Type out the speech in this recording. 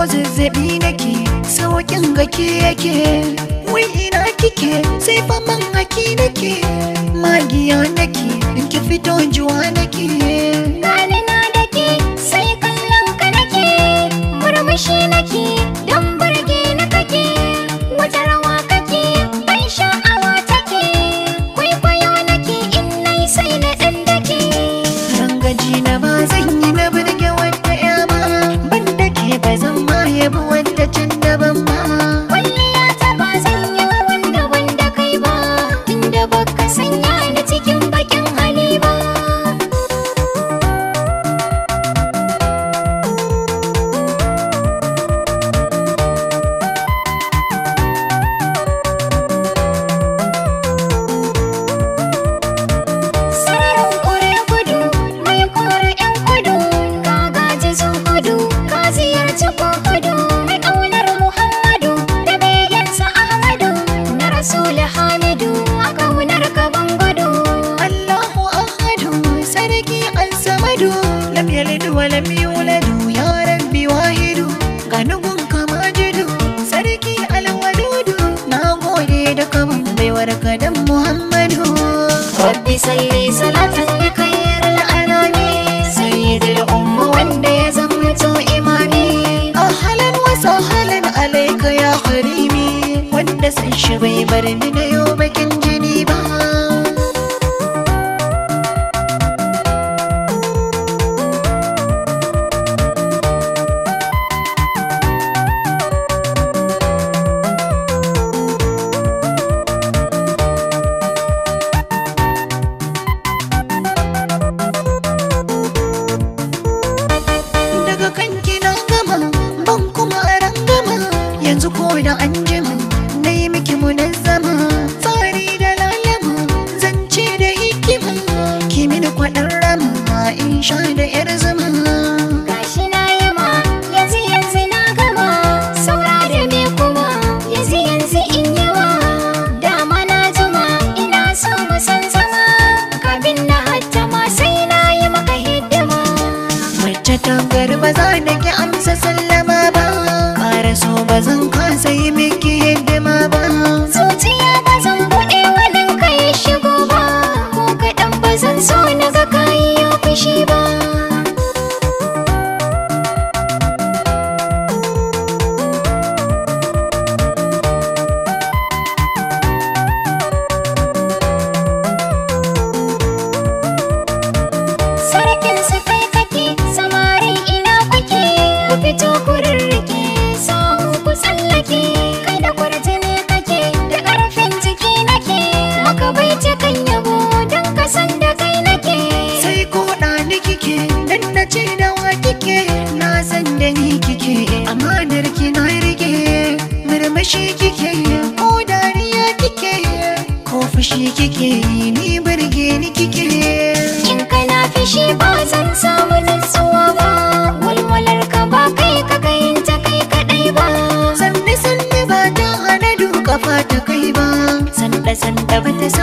ko zazzabi nake sauƙin gake yake wai ina kike sai man haki nake magiya nake in ki fito juwa nake gani na dake sai kallon ka nake murmushi nake don burge na kake Señor. ولم يولد يا ربي واحد kama jidu sarki alwadudu na gode da kamun baiwar kadan muhammadu rabbi salli salatan bi khairil anami sayyidil umma wanda ya zama to imami ahlan wa sahlan alayka ya karimi wanda san shi bai bar ni da yau bakin da anjima jima na yi miki munan zama tsari da lalama zance da hikima ki mini kwaɗan rama in sha da yar zuma. gashi na yama yanzu yanzu na gama saura da me kuma yanzu yanzu in yawa dama na jima ina so mu san zama kafin na hattama sai na yi maka hidima mace ta garba za da ki amsa sallama ba ƙara ba zan fito kurin rike samu ku tsallake kada kwarjini kake da ƙarfin jiki nake maka bai kan yabo don kasan da kai nake sai ko ɗani kike dan na ce da wa kike na san da ni kike amanar ki na murmushi kike ko dariya kike ko kike ni burge ni kike present with